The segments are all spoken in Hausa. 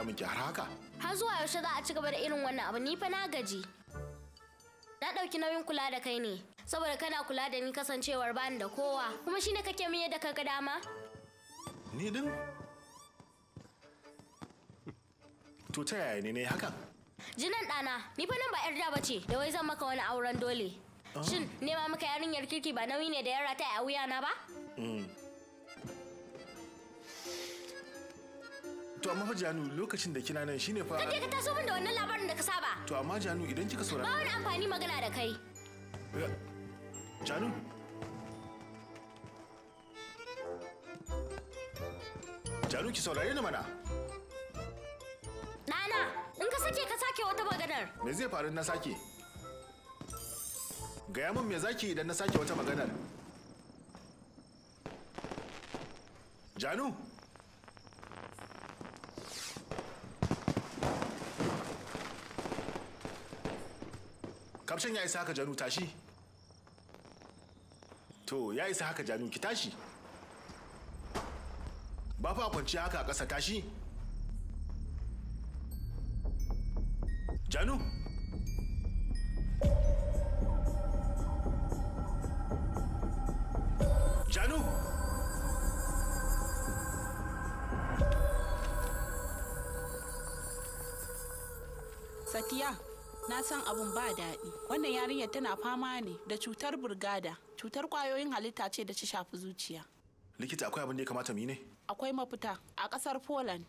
damun ki har haka? Har zuwa yaushe za a ci gaba da irin wannan abu ni fa na gaji. Na ɗauki nauyin kula da kai ne, saboda kana kula da ni kasancewar bani da kowa, kuma shi ne kake min yadda ka ga dama? Ni din? To ta yaya ne ne hakan? Jinan ɗana, ni fa nan ba 'yar da bace, da wai zan maka wani auren dole. Ah. Shin nema maka yarinyar kirki ba nauyi ne da yara ta a wuyana na ba? Mm. To amma fa Janu lokacin da kina nan shine fa Kake ka taso min da wannan labarin da ka saba. To amma Janu idan kika saurara Ba wani amfani magana da kai. Janu Janu ki saurare ni mana. Nana, in ka sake ka sake wata maganar. Me zai faru na sake? Gaya min me zaki idan na sake wata maganar. Janu, kwamshin ya isa haka janu tashi to ya isa haka janu ki tashi ba fa kwanci haka a ƙasa tashi janu Yeah. na san abun ba daɗi wannan yarinyar tana fama ne da cutar burgada cutar kwayoyin halitta ce da ci shafi zuciya likita akwai abin da ya kamata mu yi ne akwai mafita a ƙasar poland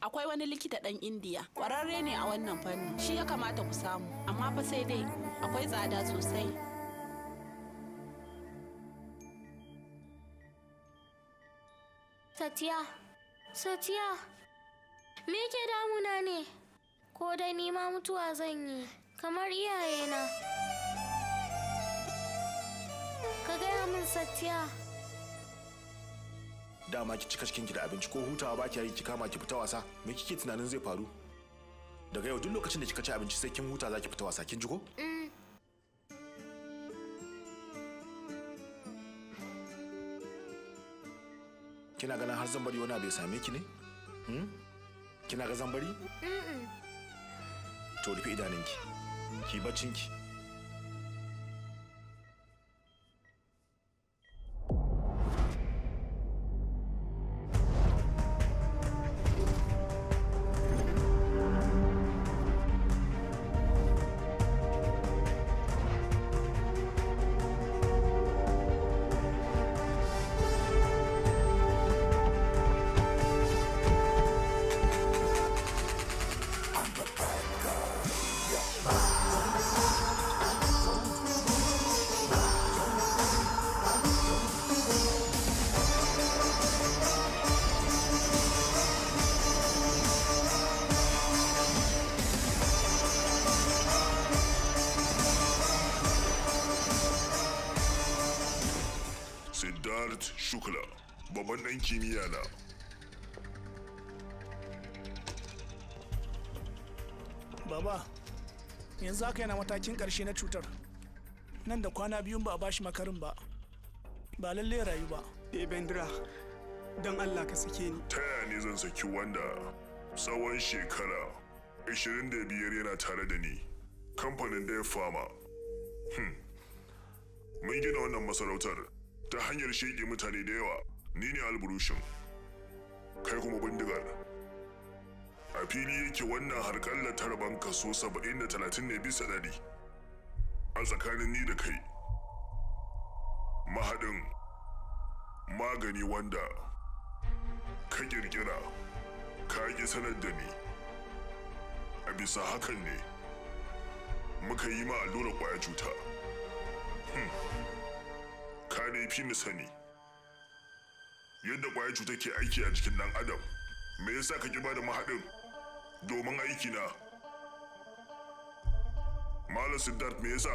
akwai wani likita ɗan indiya ƙwararre ne a wannan fanni shi ya kamata ku samu amma fa sai dai akwai tsada sosai Satya, Satya, me ke damuna ne? ko dai ni ma mutuwa zan yi kamar iyayena ka gaya min satya dama ki cika cikin gida abinci ko hutawa ba ki yi ki kama ki fita wasa me kike tunanin zai faru daga yau duk lokacin da kika ci abinci sai kin huta za ki fita wasa kin ji ko mm. kina ganin har zan bari wani bai same ki ne hmm? kina ga zan bari چۆلیپی ئیداننگ کی بەچنگ Siddharth Shukla, babban ɗan kimiyya na. Baba, yanzu haka yana matakin ƙarshe na cutar. Nan da kwana biyun ba a bashi makarin ba. Ba lallai rayu ba. Ebendra, don Allah ka sake ni. Ta yaya ne zan saki wanda tsawon shekara 25 yana tare da ni. Kamfanin Dave fama Hmm. Mun gina wannan masarautar ta hanyar sheƙe mutane da yawa ni ne alburushin kai kuma bindigar a fili yake wannan harkar ta rabon kaso saba'in da talatin ne bisa ɗari a tsakanin ni da kai mahaɗin magani wanda ka ƙirƙira ka ƙi sanar da ni a bisa hakan ne muka yi ma allura ƙwaya cuta hmm. ka fi ni sani yadda kwaya cutar ke aiki a jikin ɗan adam me yasa ka kiba ba da mahaɗin domin aiki na malam siddharth me yasa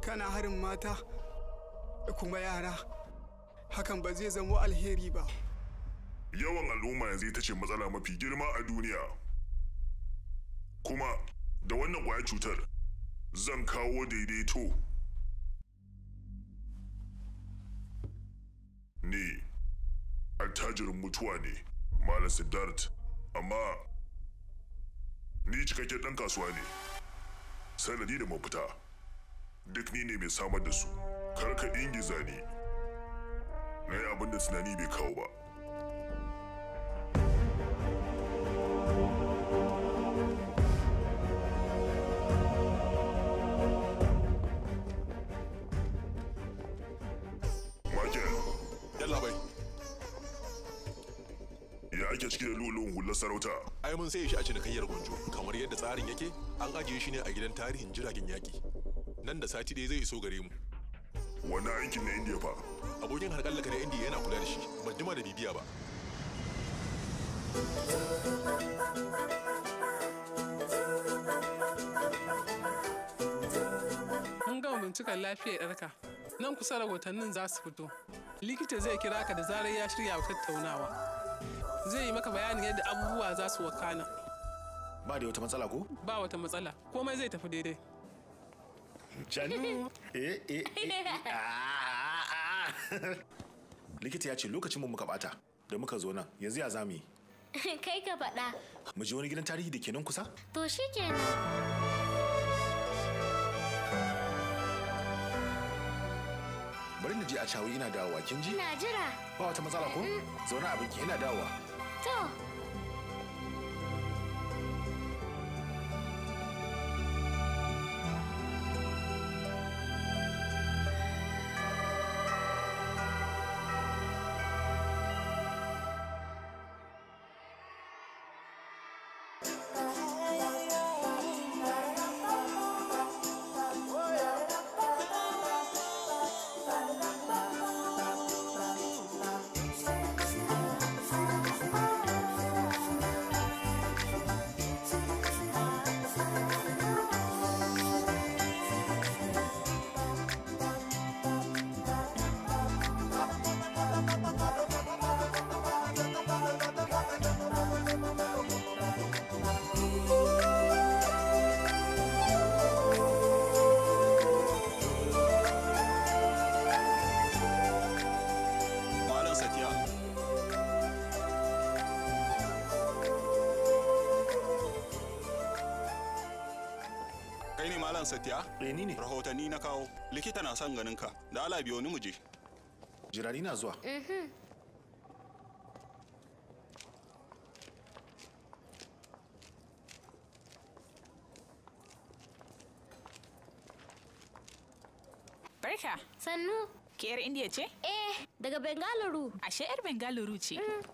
kana harin mata kuma yara hakan ba zai zamo alheri ba yawan al'umma yanzu ita ce matsala mafi girma a duniya kuma da wannan kwaya cutar zan kawo daidaito eh attajirin mutuwa ne malam siddart amma ni cikakken ɗan kasuwa ne sanadi da mafita duk ni ne mai samar da su karka ingiza ni na yi abinda tunani bai kawo ba ake ciki da lulun hular sarauta ai mun sai shi a cinikayyar gonjo kamar yadda tsarin yake an ajiye shi ne a gidan tarihin jiragen yaƙi nan da sati dai zai iso gare mu wani aikin na indiya fa abokin harƙallaka na indiya yana kula da shi ba jima da bibiya ba mun gama binciken lafiyar ɗarka nan kusa rahotannin za su fito likita zai kira ka da zarar ya shirya tattaunawa zai yi maka bayanin yadda abubuwa za su wakana ba da wata matsala ko ba wata matsala komai zai tafi daidai Janu, eh, eh, eh, eh. Ah, ah, ah. Likita ya ce lokacin mu muka bata da muka zo nan yanzu ya zami. Kai ka faɗa. Mu je wani gidan tarihi da ke nan kusa? To shi kenan. Bari na je a cawo ina dawowa kin ji? Ina jira. Ba wata matsala ko? Zauna abinki ina dawowa. 叫。Malam satiya? Eh ne. Rahotanni na kawo. Likita na son ganin ka. Da ala biyo ni muje. Jirani na zuwa. Mhm. Barka. Sannu. Ke yar Indiya ce? Eh, daga Bengaluru. Ashe yar Bengaluru ce. Mm.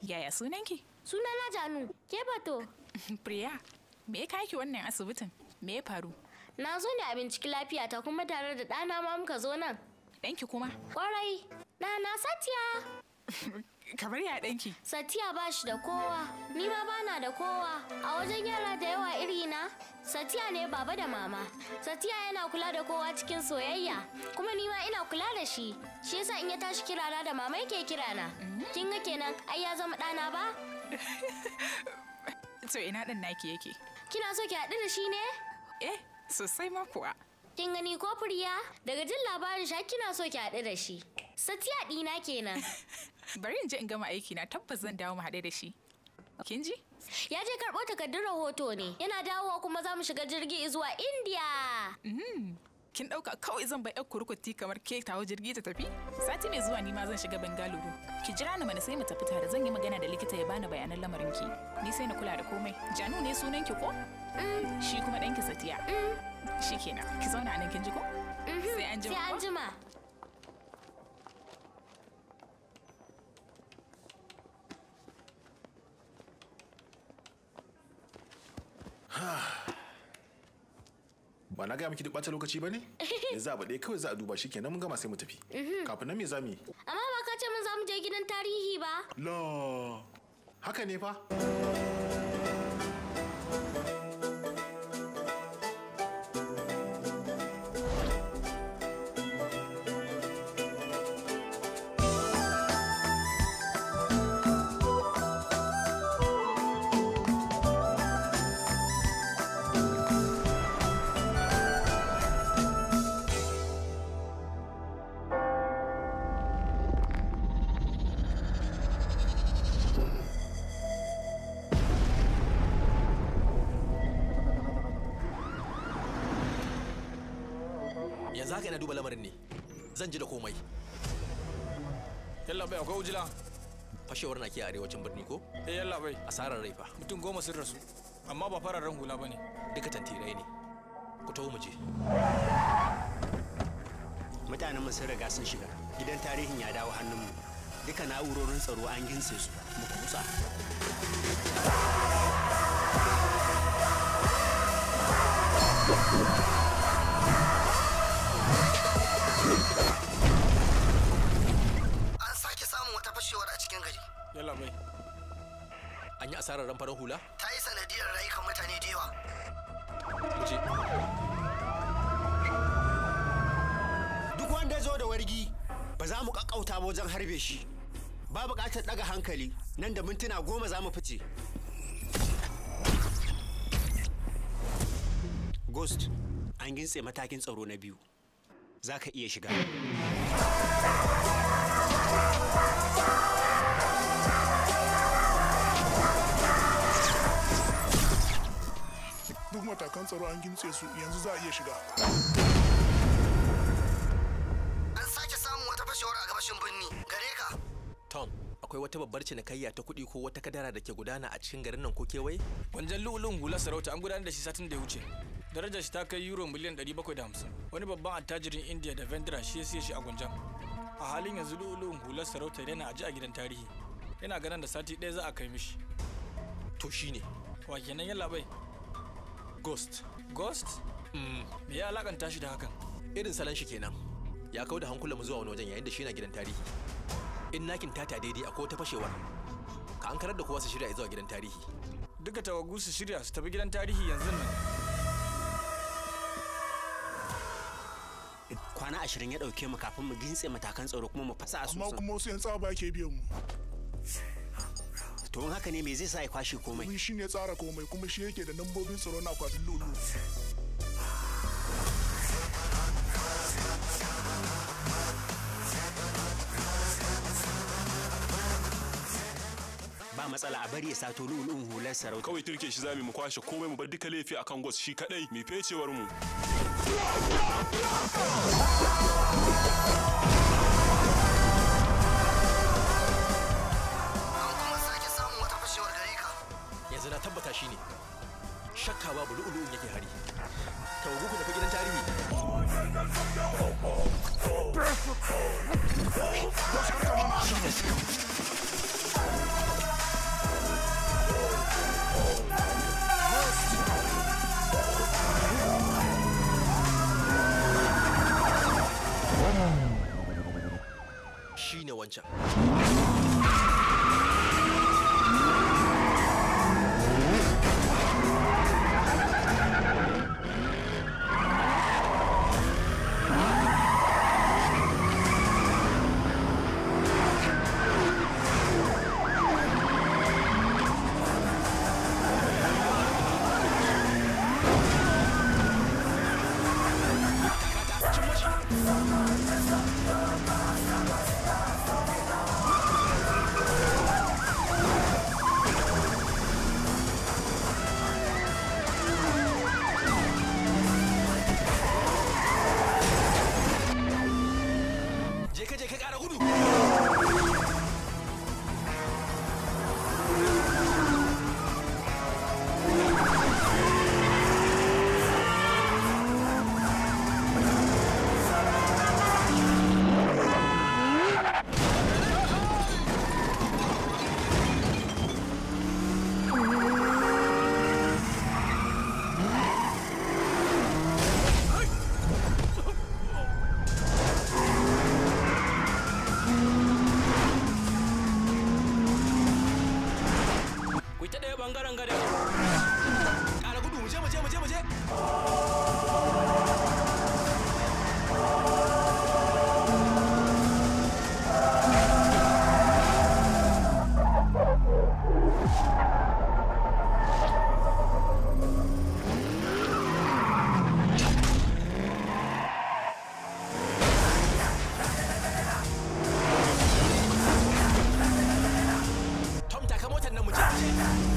Yaya sunanki? Sunana Janu. Ke bato. Priya, me ya kaki wannan asibitin? Me ya faru? Na zo ne a binciki lafiyata kuma tare da ɗana ma muka zo nan. Ɗanki kuma? Ƙwarai, ɗana Satiya. Kamar ya ɗanki? Satiya ba shi da kowa, ni ma ba na da kowa. A wajen yara da yawa iri na, Satiya ne baba da mama. Satiya yana kula da kowa cikin soyayya, kuma ni ma ina kula da shi. Shi yasa in ya tashi kirana da mama yake kirana. Mm-hmm. Kin ga kenan, ai ya zama ɗana ba? To ina ɗan naki yake? Kina so ki haɗu da shi ne? Eh, Sosai ma kuwa. Kin gani ko furiya? Daga jin labarin sha kina so ki haɗu da shi. Satiya ɗina kenan. Bari in je in gama aiki na tabbas zan dawo mu haɗu da shi. Kin ji? Ya je karɓo takardun rahoto ne. Yana dawowa kuma za mu shiga jirgi zuwa India. Mm-hmm. kin ɗauka kawai zan bayar yar kurkuti kamar ke tawo jirgi ta tafi sati mai zuwa ni ma zan shiga bangaluru ki jira ni mana sai mu tafi tare zan yi magana da likita ya bani bayanan lamarin ki ni sai na kula da komai janu ne sunan ki ko mm. shi kuma ɗanki satiya mm. shikenan ki zauna a nan kin ji ko mm-hmm. sai an jima ba na gaya miki duk ɓata lokaci ba ne yanzu abu ɗaya kawai za a duba shi kenan mun gama sai mu tafi mhm. kafin nan me za mu yi amma ba ka ce mun za mu je gidan tarihi ba la haka ne fa yana duba lamarin ne zan ji da komai yalla bai akwai ujila fashewar na ke a arewacin birni ko eh yalla bai asarar rai fa mutum goma sun rasu amma ba fararen hula bane duka tantirai ne ku taho mu je mutanen mu sun riga sun shiga gidan tarihin ya dawo hannun mu duka na'urorin tsaro an gintse su mu kusa an yi asarar ran hula ta yi sanadiyar rayukan mutane da yawa duk wanda zo da wargi ba za mu kakkauta ba wajen harbe shi ba buƙatar ɗaga hankali nan da mintuna goma za mu fice ghost an gintse matakin tsaro na biyu za ka iya shiga duk matakan tsaro an gintse su yanzu za a iya shiga an sake samun wata fashewar a gabashin birni gare ka tom akwai wata babbar cinikayya ta kuɗi ko wata kadara da ke gudana a cikin garin nan ko kewaye gwanjan lu'ulun hular sarauta an gudanar da shi satin da ya wuce darajar shi ta kai euro miliyan 750 wani babban attajirin india da vendra shi ya siya shi a gwanjan a halin yanzu lu'ulun hular sarauta yana aji a gidan tarihi yana ganin da sati ɗaya za a kai mishi to shine wa kenan yalla bai Ghost. Ghost? Hmm, me ya alakanta shi da hakan. Irin salon shi kenan. Ya kau da hankulan mu zuwa wani wajen yayin da shi na gidan tarihi. In nakin tata daidai ko ta fashewar. Ka an karar da kowa su shirya zuwa gidan tarihi. Duka tawagu su shirya su tafi gidan tarihi yanzu nan. Kwana ashirin ya ɗauke mu kafin mu gintse matakan tsaro kuma mu fasa asusun. Amma kuma wasu 'yan tsaba ke biyan mu. to in haka ne me zai sa ya kwashe komai shi ne tsara komai kuma shi yake da nambobin tsaro na akwatin lulu ba matsala a bari ya sato lulun hular sarauta kawai turke shi zamu mu kwashe komai mu bar duka laifi akan gos shi kadai mai fecewar mu yanzu na tabbata shi ne shakka babu lu'ulu'un yake hari ka wago ku tafi gidan tarihi shi wancan ta ɗaya bangaren gada. Ƙara gudu, mu je, mu je, mu je, mu je. Jedi.